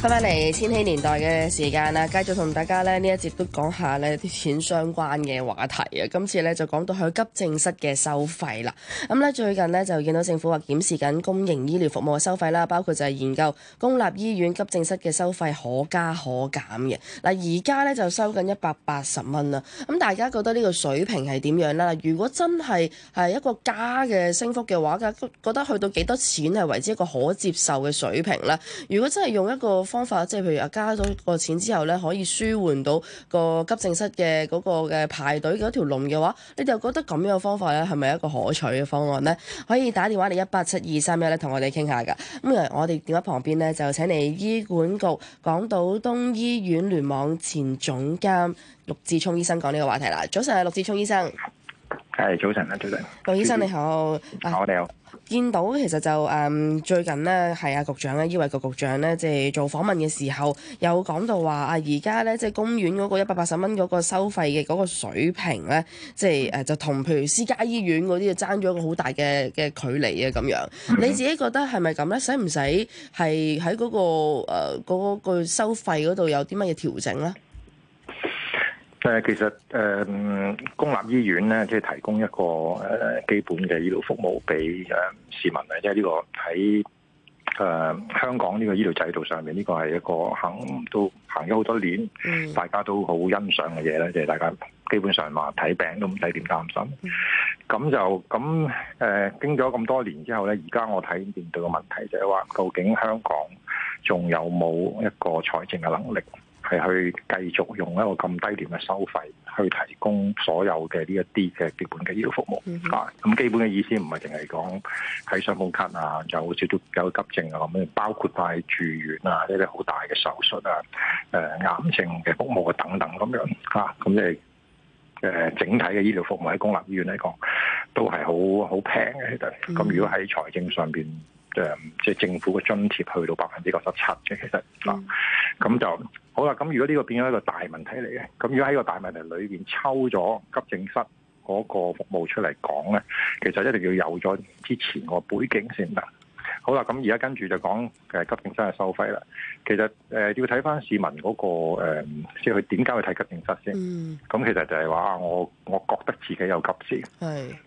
翻翻嚟千禧年代嘅時間啦，繼續同大家咧呢一節都講下呢啲錢相關嘅話題啊。今次咧就講到去急症室嘅收費啦。咁、嗯、咧最近呢就見到政府話檢視緊公營醫療服務嘅收費啦，包括就係研究公立醫院急症室嘅收費可加可減嘅。嗱、嗯，而家咧就收緊一百八十蚊啦。咁、嗯、大家覺得呢個水平係點樣啦？如果真係係一個加嘅升幅嘅話，覺得去到幾多錢係為之一個可接受嘅水平啦？如果真係用一個。方法即係譬如啊，加咗個錢之後咧，可以舒緩到個急症室嘅嗰個嘅排隊嗰條龍嘅話，你哋又覺得咁樣嘅方法咧係咪一個可取嘅方案咧？可以打電話嚟一八七二三一咧，同我哋傾下㗎。咁啊，我哋電話旁邊咧就請嚟醫管局港島東醫院聯網前總監陸志聰醫生講呢個話題啦。早晨，係陸志聰醫生。係早晨啊，早晨，陸醫生你好，啊我哋、啊、好，見到其實就誒、嗯、最近呢，係阿、啊、局長咧，醫衛局局長咧，即、就、係、是、做訪問嘅時候，有講到話啊，而家咧即係公院嗰個一百八十蚊嗰個收費嘅嗰個水平咧，即係誒就同、是啊、譬如私家醫院嗰啲啊，爭咗一個好大嘅嘅距離啊，咁樣，mm -hmm. 你自己覺得係咪咁咧？使唔使係喺嗰個誒嗰、呃那個收費嗰度有啲乜嘢調整咧？誒、呃，其實誒、呃，公立醫院咧即係提供一個誒、呃、基本嘅醫療服務俾誒、呃、市民咧，即係呢個喺誒、呃、香港呢個醫療制度上面，呢、這個係一個行都行咗好多年，大家都好欣賞嘅嘢咧，即、就、係、是、大家基本上話睇病都唔使點擔心。咁就咁誒、呃，經咗咁多年之後咧，而家我睇面對嘅問題就係話，究竟香港仲有冇一個財政嘅能力？係去繼續用一個咁低廉嘅收費去提供所有嘅呢一啲嘅基本嘅醫療服務，mm -hmm. 啊，咁基本嘅意思唔係淨係講睇傷風咳啊，就好似都有急症啊咁樣，包括帶住院啊，呢啲好大嘅手術啊，誒、啊、癌症嘅服務、啊、等等咁樣，咁即係整體嘅醫療服務喺公立醫院嚟講都係好好平嘅，咁、mm -hmm. 啊、如果喺財政上面……誒，即係政府嘅津貼去到百分之九十七嘅，其實嗱，咁就好啦。咁如果呢個變咗一個大問題嚟嘅，咁如果喺個大問題裏邊抽咗急症室嗰個服務出嚟講咧，其實一定要有咗之前個背景先得。好啦，咁而家跟住就講誒，急症室嘅收費啦。其實誒，要睇翻市民嗰個誒，即係佢點解會睇急症室先。咁、嗯、其實就係話我我覺得自己有急事，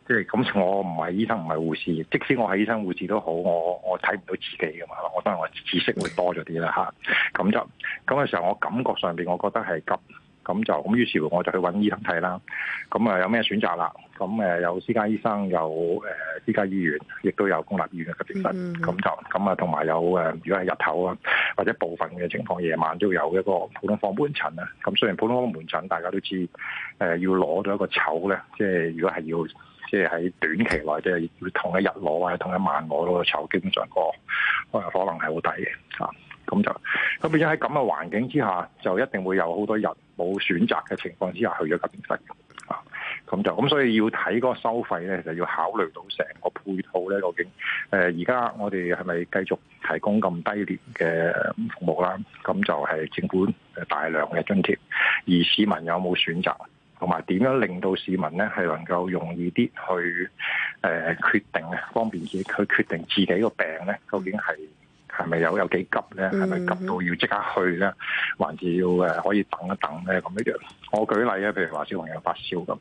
即係咁我唔係醫生唔係護士，即使我係醫生護士都好，我我睇唔到自己噶嘛。我當然我知識會多咗啲啦吓，咁就咁嘅時候我感覺上邊我覺得係急。咁就咁，於是乎我就去搵醫生睇啦。咁啊，有咩選擇啦？咁誒，有私家醫生，有私家醫院，亦都有公立醫院嘅急症室。咁就咁啊，同埋有，有如果係日頭啊，或者部分嘅情況，夜晚都有一個普通放門診啊。咁雖然普通放門診，大家都知要攞到一個籌咧，即係如果係要，即係喺短期內，即係要同一日攞啊，同一晚攞嗰個籌，基本上個可能係好低嘅吓。咁就咁，而且喺咁嘅環境之下，就一定會有好多人冇選擇嘅情況之下去，去咗急症室嘅。啊，咁就咁，所以要睇嗰個收費咧，就要考慮到成個配套咧。究竟誒，而、呃、家我哋係咪繼續提供咁低廉嘅服務啦？咁就係政府大量嘅津貼，而市民有冇選擇同埋點樣令到市民咧係能夠容易啲去誒、呃、決定咧，方便自己佢決定自己個病咧，究竟係。係咪有有幾急咧？係咪急到要即刻去咧？還是要誒可以等一等咧？咁一樣，我舉例啊，譬如話小朋友發燒咁，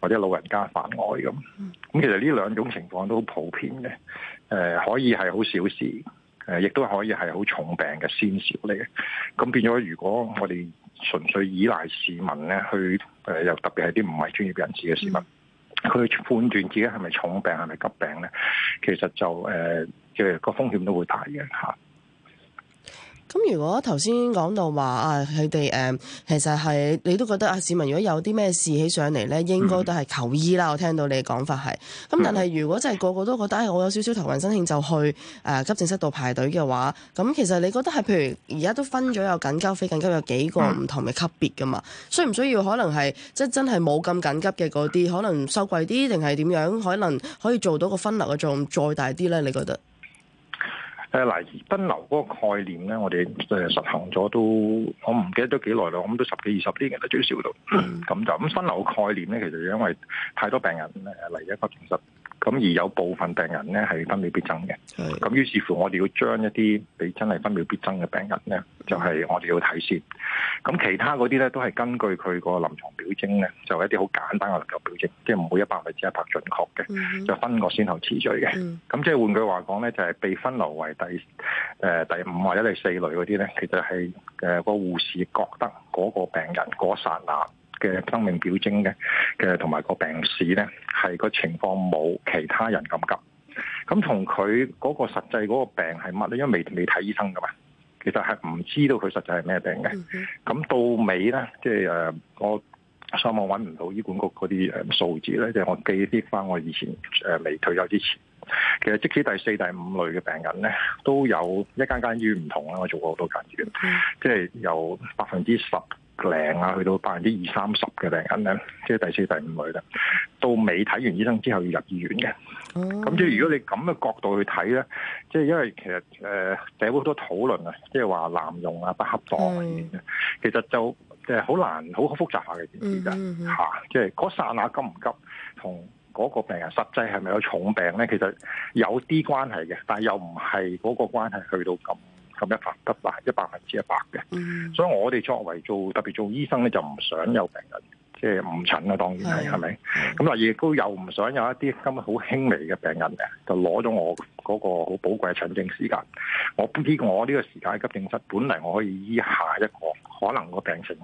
或者老人家發呆咁。咁其實呢兩種情況都好普遍嘅。誒，可以係好小事，誒，亦都可以係好重病嘅先兆嚟嘅。咁變咗，如果我哋純粹依賴市民咧，去誒，又特別係啲唔係專業人士嘅市民，佢判斷自己係咪重病，係咪急病咧？其實就誒。即係個風險都會大嘅吓。咁如果頭先講到話啊，佢哋誒，其實係你都覺得啊，市民如果有啲咩事起上嚟咧，應該都係求醫啦、嗯。我聽到你嘅講法係。咁、嗯嗯、但係如果真係個個都覺得我有少少頭暈身㷫就去誒、啊、急症室度排隊嘅話，咁其實你覺得係譬如而家都分咗有緊急、非緊急，有幾個唔同嘅級別噶嘛？需、嗯、唔需要可能係即係真係冇咁緊急嘅嗰啲，可能收貴啲定係點樣？可能可以做到個分流嘅作用再大啲咧？你覺得？誒嗱，分流嗰個概念咧，我哋誒實行咗都，我唔記得咗幾耐啦，我諗都十幾二十啲人都最少到，咁、mm -hmm. 就咁分流概念咧，其實因為太多病人誒嚟一個診室。咁而有部分病人咧係分秒必爭嘅，咁於是乎我哋要將一啲畀真係分秒必爭嘅病人咧，就係、是、我哋要睇先。咁其他嗰啲咧都係根據佢個臨床表徵咧，就是、一啲好簡單嘅臨床表徵，即係唔會一百分之一百準確嘅，就分個先後次序嘅。咁即係換句話講咧，就係、是、被分流為第誒、呃、第五或者第四類嗰啲咧，其實係誒個護士覺得嗰個病人嗰剎那個，嘅生命表徵嘅，嘅同埋個病史咧，係個情況冇其他人咁急。咁同佢嗰個實際嗰個病係乜咧？因為未未睇醫生㗎嘛，其實係唔知道佢實際係咩病嘅。咁、mm -hmm. 到尾咧，即係誒，我上網搵唔到醫管局嗰啲誒數字咧，即、就、係、是、我記啲返我以前誒未退休之前，其實即使第四、第五類嘅病人咧，都有一間間醫院唔同啦。我做過好多間醫院，mm -hmm. 即係有百分之十。零啊，去到百分之二三十嘅病人，咁樣即係第四、第五類啦。到尾睇完醫生之後要入醫院嘅，咁即係如果你咁嘅角度去睇咧，即係因為其實誒社會好多討論啊，即係話濫用啊、不恰當啊，mm -hmm. 其實就即係好難、好複雜下嘅件事啊。嚇，即係嗰剎那急唔急，同嗰個病人實際係咪有重病咧？其實有啲關係嘅，但係又唔係嗰個關係去到咁。咁一發得百，即百分之一百嘅。所以我哋作為做特別做醫生咧，就唔想有病人即係誤診啊。當然係，係咪？咁嗱，亦都又唔想有一啲咁好輕微嘅病人嘅，就攞咗我嗰個好寶貴嘅診症時間。我呢我呢個時間喺急症室本嚟我可以醫下一個可能個病情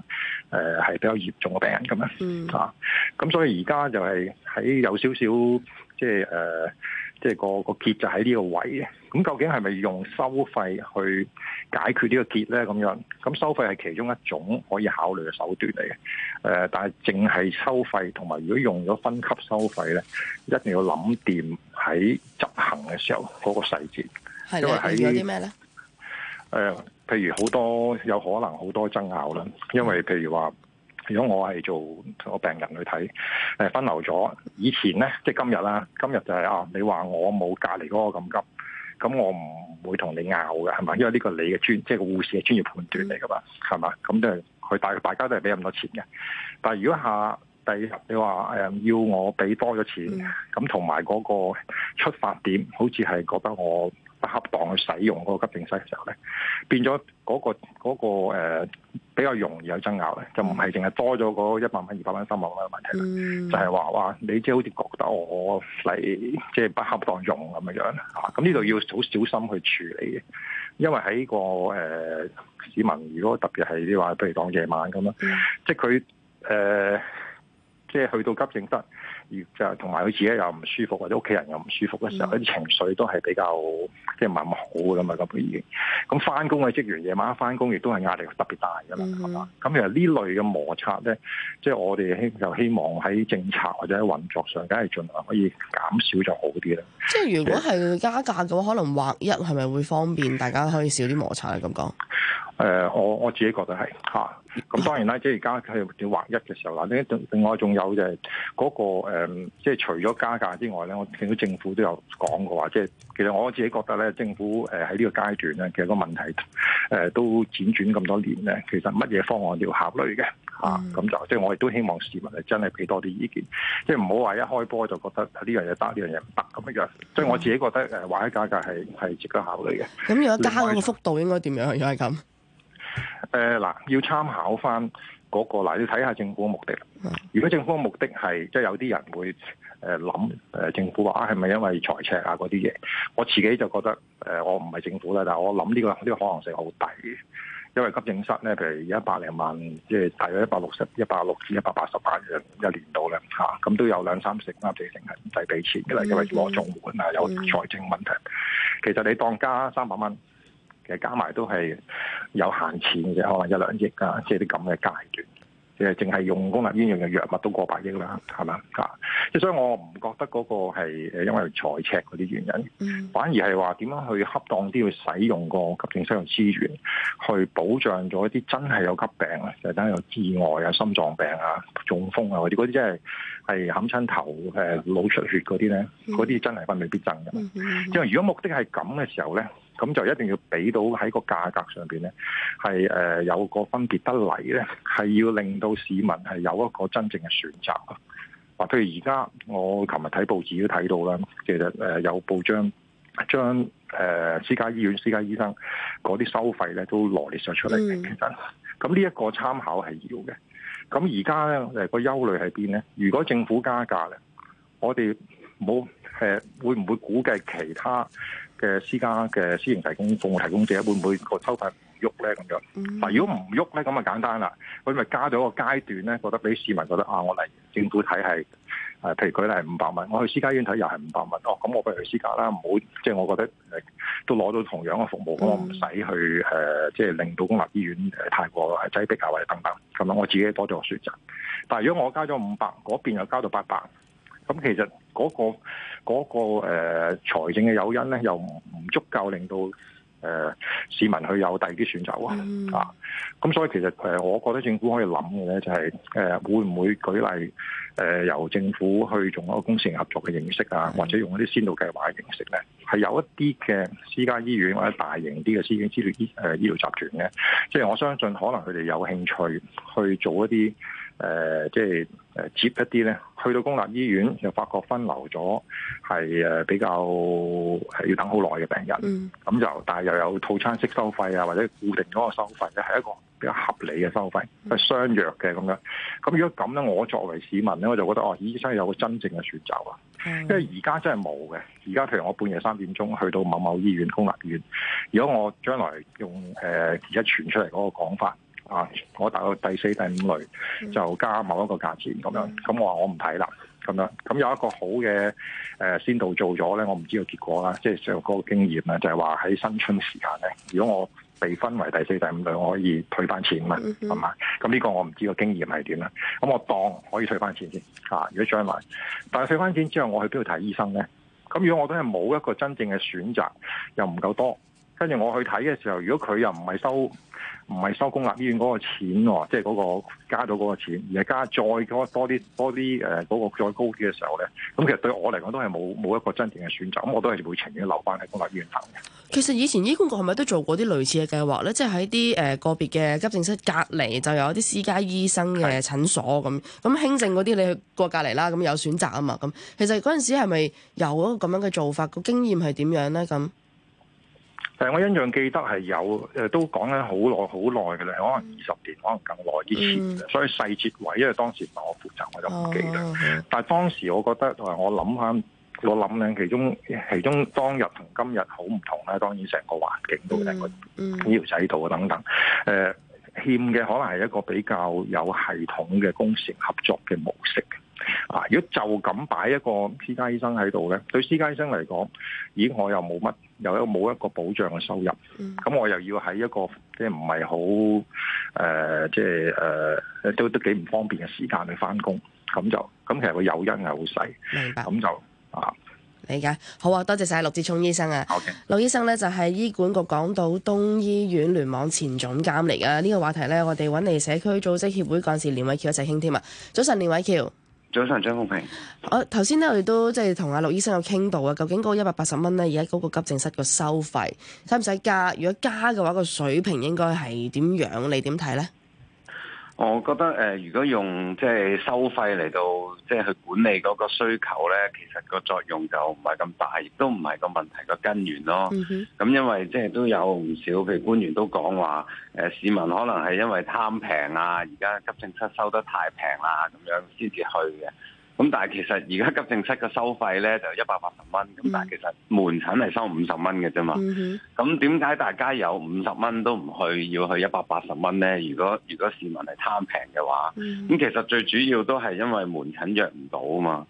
誒係、呃、比較嚴重嘅病人噉樣、嗯？啊，咁所以而家就係喺有少少即係誒。就是即係個個結就喺呢個位嘅，咁究竟係咪用收費去解決呢個結咧？咁樣咁收費係其中一種可以考慮嘅手段嚟嘅。呃，但係淨係收費同埋，如果用咗分級收費咧，一定要諗掂喺執行嘅時候嗰個細節。係啦。喺，出現咗啲咩咧？譬如好多有可能好多爭拗啦，因為譬如話。如果我係做個病人去睇，誒分流咗以前咧，即係今日啦，今日就係啊，你話我冇隔離嗰個咁急，咁我唔會同你拗嘅，係咪？因為呢個你嘅專，即係個護士嘅專業判斷嚟噶嘛，係嘛？咁都係佢，但係大家都係俾咁多錢嘅。但係如果下第二日你話誒要我俾多咗錢，咁同埋嗰個出發點，好似係覺得我，不恰當去使用嗰個急症室嘅時候咧，變咗嗰、那個嗰、那個呃、比較容易有爭拗咧，就唔係淨係多咗嗰一百蚊二百蚊三百蚊嘅問題啦、嗯，就係、是、話哇，你即係好似覺得我嚟即係不恰當用咁樣嚇，咁呢度要好小心去處理，嘅，因為喺、這個誒、呃、市民如果特別係你話，譬如當夜晚咁啦，即係佢誒即係去到急症室。就同埋佢自己又唔舒服，或者屋企人又唔舒服嘅時候，啲、嗯、情緒都係比較即係唔係咁好嘅嘛，咁已經咁翻工嘅職員夜晚黑翻工，亦都係壓力特別大嘅啦，係、嗯、嘛？咁其實這類的呢類嘅摩擦咧，即係我哋希就希望喺政策或者喺運作上，梗係儘量可以減少就好啲啦。即係如果係加價嘅話，可能劃一係咪會方便大家可以少啲摩擦？咁講。誒，我我自己覺得係嚇。啊。咁、啊、當然啦，即係而家佢要劃一嘅時候啦。另外仲有就係嗰、那個即係、嗯、除咗加價之外咧，我見到政府都有講過話，即係其實我自己覺得咧，政府喺呢個階段咧，其實個問題都輾轉咁多年咧，其實乜嘢方案都要考慮嘅吓，咁就即係我亦都希望市民係真係俾多啲意見，即係唔好話一開波就覺得呢樣嘢得，呢樣嘢唔得咁樣。所以我自己覺得誒劃一加價係係值得考慮嘅。咁、啊、如果加嗰個幅度應該點樣？又係咁？誒、呃、嗱，要參考翻、那、嗰個嗱，你睇下政府嘅目的。如果政府嘅目的係即係有啲人會誒諗、呃、政府話，係、啊、咪因為財赤啊嗰啲嘢？我自己就覺得誒、呃，我唔係政府啦，但我諗呢、這個呢、這個可能性好低嘅。因為急症室咧，譬如一百零萬，即、就、係、是、大約一百六十、一百六至一百八十萬人一年度咧嚇，咁、啊、都有兩三成啊，幾成係唔使俾錢嘅啦，因為攞綜援啊，有財政問題。其實你當加三百蚊。加埋都係有限錢嘅啫，可能一兩億啊，即係啲咁嘅階段，誒淨係用功能醫藥嘅藥物都過百億啦，係嘛？啊，即係所以我唔覺得嗰個係因為財赤嗰啲原因，反而係話點樣去恰當啲去使用個急症醫療資源，去保障咗一啲真係有急病啊，就等、是、有意外啊、心臟病啊、中風啊或者嗰啲，嗰啲真係係冚親頭誒腦出血嗰啲咧，嗰啲真係分秒必爭㗎嘛。因為如果目的係咁嘅時候咧。咁就一定要俾到喺個價格上面呢，咧，係有個分別得嚟咧，係要令到市民係有一個真正嘅選擇啊！或譬如而家我琴日睇報紙都睇到啦，其實有報章將私家醫院、私家醫生嗰啲收費咧都羅列曬出嚟，其實咁呢一個參考係要嘅。咁而家咧誒個憂慮喺邊咧？如果政府加價咧，我哋冇誒會唔會估計其他嘅私家嘅私營提供服務提供者會唔會個收費唔喐咧咁樣？嗱、mm -hmm.，如果唔喐咧，咁啊簡單啦，佢咪加咗個階段咧，覺得俾市民覺得啊，我嚟政府睇係誒，譬如佢咧係五百蚊，我去私家醫院睇又係五百蚊哦，咁我不如去私家啦，唔好即係我覺得誒都攞到同樣嘅服務，mm -hmm. 我唔使去誒，即、呃、係、就是、令到公立醫院誒、呃、太過擠迫啊，或者等等，咁樣我自己多咗個選擇。但係如果我交咗五百，嗰邊又交到八百，咁其實。嗰、那個嗰、那個、呃、財政嘅誘因咧，又唔足夠令到誒、呃、市民去有第二啲選擇啊！Mm. 啊，咁所以其實我覺得政府可以諗嘅咧，就係誒會唔會舉例誒、呃、由政府去用一個公私合作嘅形式啊，mm. 或者用一啲先導計劃嘅形式咧，係有一啲嘅私家醫院或者大型啲嘅私院醫療醫誒醫療集團嘅，即係我相信可能佢哋有興趣去做一啲誒即係接一啲咧。去到公立醫院又發覺分流咗，係誒比較要等好耐嘅病人，咁、嗯、就但又有套餐式收費啊，或者固定嗰個收費咧，係、就是、一個比較合理嘅收費，係、嗯、相約嘅咁樣。咁如果咁咧，我作為市民咧，我就覺得哦，醫生有個真正嘅選擇啊、嗯，因為而家真係冇嘅。而家譬如我半夜三點鐘去到某某醫院公立醫院，如果我將來用誒而家傳出嚟嗰個講法。啊！我打到第四、第五類就加某一個價錢咁樣，咁我話我唔睇啦咁樣。咁有一個好嘅誒先導做咗咧，我唔知道結果啦。即係上嗰個經驗咧，就係話喺新春時間咧，如果我被分為第四、第五類，我可以退翻錢嘛、嗯，係嘛？咁呢個我唔知個經驗係點啦。咁我當可以退翻錢先。啊，如果將來，但係退翻錢之後，我去邊度睇醫生咧？咁如果我都係冇一個真正嘅選擇，又唔夠多。跟住我去睇嘅時候，如果佢又唔係收唔係收公立醫院嗰個錢喎，即係嗰個加咗嗰個錢，而係加再多啲多啲誒嗰個再高啲嘅、呃、時候咧，咁其實對我嚟講都係冇冇一個真正嘅選擇，咁我都係會情願留翻喺公立醫院等嘅。其實以前醫管局係咪都做過啲類似嘅計劃咧？即係喺啲誒個別嘅急症室隔離，就有一啲私家醫生嘅診所咁。咁輕症嗰啲你去過隔離啦，咁有選擇啊嘛。咁其實嗰陣時係咪有一個咁樣嘅做法？個經驗係點樣咧？咁？誒，我印象記得係有誒，都講咗好耐好耐嘅啦，可能二十年，可能更耐之前嘅。Mm. 所以細節位，因為當時唔係我負責，我就唔記得。Oh. 但係當時我覺得，同埋我諗下，我諗咧，其中其中當日同今日好唔同咧。當然整環，成、mm. 個環境都係個呢條制度啊，等等。誒，欠嘅可能係一個比較有系統嘅工程合作嘅模式。啊！如果就咁擺一個私家醫生喺度咧，對私家醫生嚟講，咦，我又冇乜，又一冇一個保障嘅收入，咁、嗯、我又要喺一個即係唔係好誒，即係誒、呃呃，都都幾唔方便嘅時間去翻工，咁就咁其實個誘因係好細。明白咁就啊，理解好啊，多謝晒陸志聰醫生啊。好、okay、嘅，陸醫生咧就係醫管局港島東醫院聯網前總監嚟噶。呢、這個話題咧，我哋搵嚟社區組織協會幹事連瑋翹一齊傾添啊。早晨，連瑋翹。早晨，張鳳平。啊、我頭先咧，我哋都即係同阿陸醫生有傾到啊。究竟嗰一百八十蚊咧，而家嗰個急症室個收費使唔使加？如果加嘅話，個水平應該係點樣？你點睇咧？我覺得誒、呃，如果用即係收費嚟到即係去管理嗰個需求咧，其實個作用就唔係咁大，亦都唔係個問題個根源咯。咁、嗯、因為即係都有唔少，譬如官員都講話、呃，市民可能係因為貪平啊，而家急症室收得太平啦，咁樣先至去嘅。咁但係其實而家急症室嘅收費咧就一百八十蚊，咁但係其實門診係收五十蚊嘅啫嘛。咁點解大家有五十蚊都唔去，要去一百八十蚊咧？如果如果市民係貪平嘅話，咁、mm -hmm. 其實最主要都係因為門診約唔到啊嘛。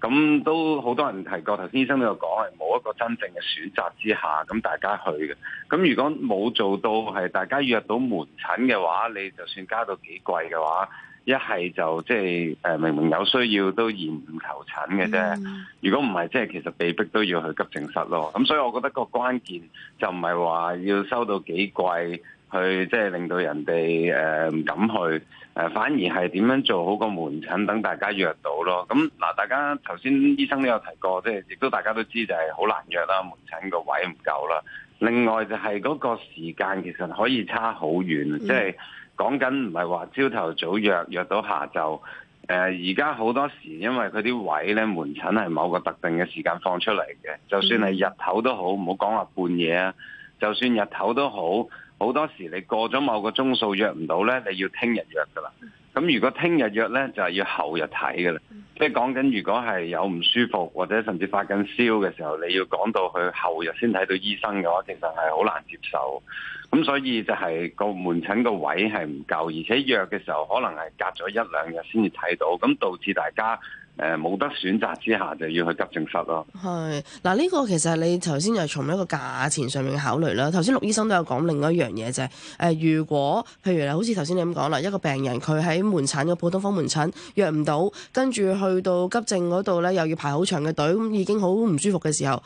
咁都好多人提過，頭先醫生都有講係冇一個真正嘅選擇之下，咁大家去嘅。咁如果冇做到係大家約到門診嘅話，你就算加到幾貴嘅話。一係就即係明明有需要都延唔求診嘅啫。如果唔係，即係其實被逼都要去急症室咯。咁所以，我覺得個關鍵就唔係話要收到幾貴，去即係令到人哋誒唔敢去。誒，反而係點樣做好個門診，等大家約到咯。咁嗱，大家頭先醫生都有提過，即係亦都大家都知，就係好難約啦，門診個位唔夠啦。另外就係嗰個時間其實可以差好遠，即係講緊唔係話朝頭早約約到下晝。誒、呃，而家好多時因為佢啲位咧，門診係某個特定嘅時間放出嚟嘅，就算係日頭都好，唔好講話半夜啊。就算日頭都好，好多時你過咗某個鐘數約唔到咧，你要聽日約㗎啦。咁如果聽日約咧，就係要後日睇㗎啦。即係講緊，如果係有唔舒服或者甚至發緊燒嘅時候，你要講到去後日先睇到醫生嘅話，其實係好難接受。咁所以就係個門診個位係唔夠，而且約嘅時候可能係隔咗一兩日先至睇到，咁導致大家。誒，冇得選擇之下就要去急症室咯。係，嗱、這、呢個其實你頭先又從一個價錢上面考慮啦。頭先陸醫生都有講另外一樣嘢就係，誒、呃，如果譬如好似頭先你咁講啦，一個病人佢喺門診嘅普通科門診約唔到，跟住去到急症嗰度呢，又要排好長嘅隊，咁已經好唔舒服嘅時候，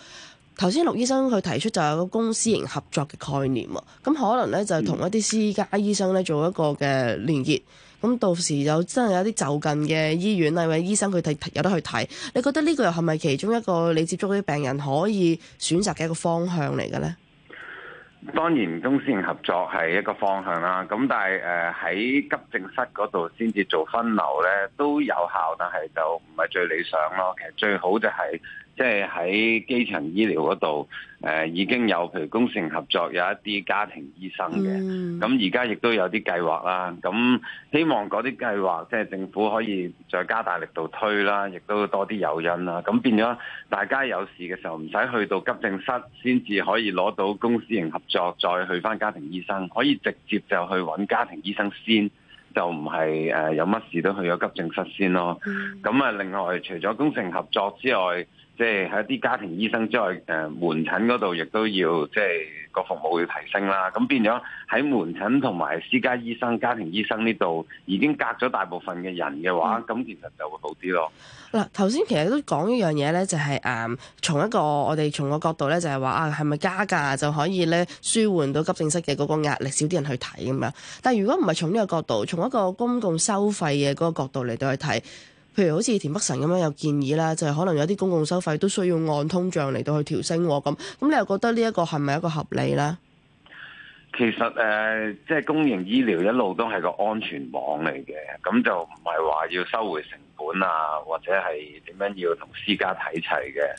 頭先陸醫生佢提出就有個公私營合作嘅概念喎。咁可能呢就同一啲私家醫生呢做一個嘅連結。嗯咁到時真有真係有啲就近嘅醫院啦，或者醫生佢睇有得去睇。你覺得呢個又係咪其中一個你接觸啲病人可以選擇嘅一個方向嚟嘅呢？當然公私營合作係一個方向啦。咁但係誒喺急症室嗰度先至做分流呢，都有效，但係就唔係最理想咯。其實最好就係、是。即係喺基層醫療嗰度，誒、呃、已經有譬如公私營合作有一啲家庭醫生嘅，咁而家亦都有啲計劃啦。咁希望嗰啲計劃即係政府可以再加大力度推啦，亦都多啲誘因啦。咁變咗大家有事嘅時候唔使去到急症室先至可以攞到公私營合作，再去返家庭醫生，可以直接就去搵家庭醫生先，就唔係誒有乜事都去咗急症室先咯。咁啊，另外除咗公私營合作之外，即係喺啲家庭醫生之外，誒門診嗰度亦都要，即係個服務要提升啦。咁變咗喺門診同埋私家醫生、家庭醫生呢度已經隔咗大部分嘅人嘅話，咁、嗯、其實就會好啲咯。嗱，頭先其實都講一樣嘢咧，就係誒從一個我哋從個角度咧，就係話啊，係咪加價就可以咧舒緩到急症室嘅嗰個壓力，少啲人去睇咁樣？但如果唔係從呢個角度，從一個公共收費嘅嗰個角度嚟到去睇。譬如好似田北辰咁樣有建議啦，就係可能有啲公共收費都需要按通脹嚟到去調升咁，咁你又覺得呢一個係咪一個合理呢？嗯、其實誒，即係公營醫療一路都係個安全網嚟嘅，咁就唔係話要收回成本啊，或者係點樣要同私家睇齊嘅，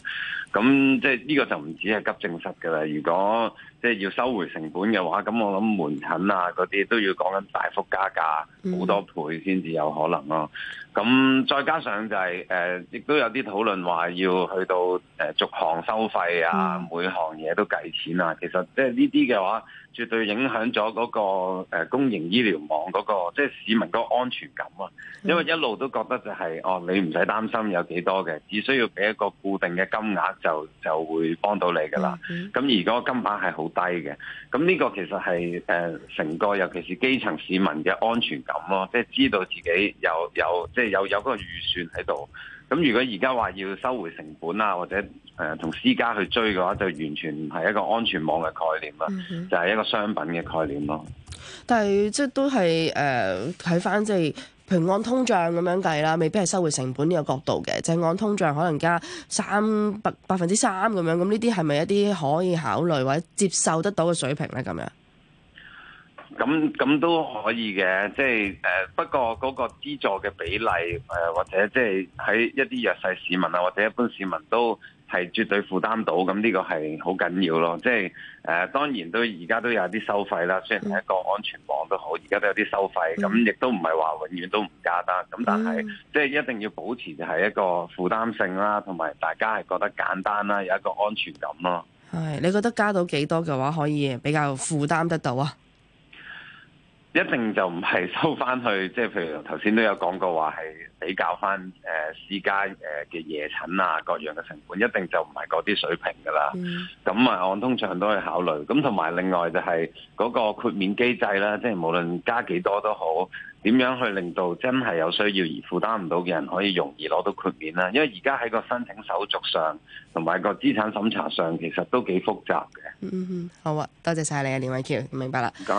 咁即係呢個就唔止係急症室㗎啦，如果。即係要收回成本嘅話，咁我諗門診啊嗰啲都要講緊大幅加價好多倍先至有可能咯。咁、mm. 再加上就係誒亦都有啲討論話要去到誒、呃、逐項收費啊，mm. 每行嘢都計錢啊。其實即係呢啲嘅話絕對影響咗嗰個誒公營醫療網嗰、那個即係、就是、市民個安全感啊。因為一路都覺得就係、是、哦，你唔使擔心有幾多嘅，只需要俾一個固定嘅金額就就會幫到你噶啦。咁、mm -hmm. 而嗰個金額係好低嘅，咁呢個其實係誒成個，尤其是基層市民嘅安全感咯，即係知道自己有有即係有有個預算喺度。咁如果而家話要收回成本啊，或者誒同私家去追嘅話，就完全唔係一個安全網嘅概念啦，就係、是、一個商品嘅概念咯、嗯。但係即係都係誒睇返即係。呃平按通脹咁樣計啦，未必係收回成本呢個角度嘅。就係按通脹可能加三百百分之三咁樣，咁呢啲係咪一啲可以考慮或者接受得到嘅水平咧？咁樣？咁咁都可以嘅，即係誒，不過嗰個資助嘅比例誒、呃，或者即係喺一啲弱勢市民啊，或者一般市民都係絕對負擔到，咁呢個係好緊要咯。即係誒，當然都而家都有啲收費啦，雖然係一個安全網都好，而家都有啲收費，咁亦都唔係話永遠都唔加單，咁但係即係一定要保持係一個負擔性啦，同埋大家係覺得簡單啦，有一個安全感咯。係你覺得加到幾多嘅話，可以比較負擔得到啊？一定就唔係收翻去，即係譬如頭先都有講過話係比較翻誒私家誒嘅夜診啊各樣嘅成本，一定就唔係嗰啲水平噶啦。咁啊，我通常都去考慮。咁同埋另外就係嗰個豁免機制啦，即係無論加幾多都好，點樣去令到真係有需要而負擔唔到嘅人可以容易攞到豁免啦，因為而家喺個申請手續上同埋個資產審查上，其實都幾複雜嘅。嗯嗯，好啊，多謝晒你啊，連瑋翹，明白啦。唔該。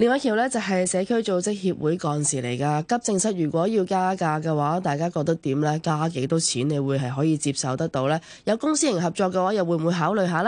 連瑋翹咧，就係、是、社區組織協會幹事嚟噶，急症室如果要加價嘅話，大家覺得點咧？加幾多錢你會係可以接受得到咧？有公私營合作嘅話，又會唔會考慮下咧？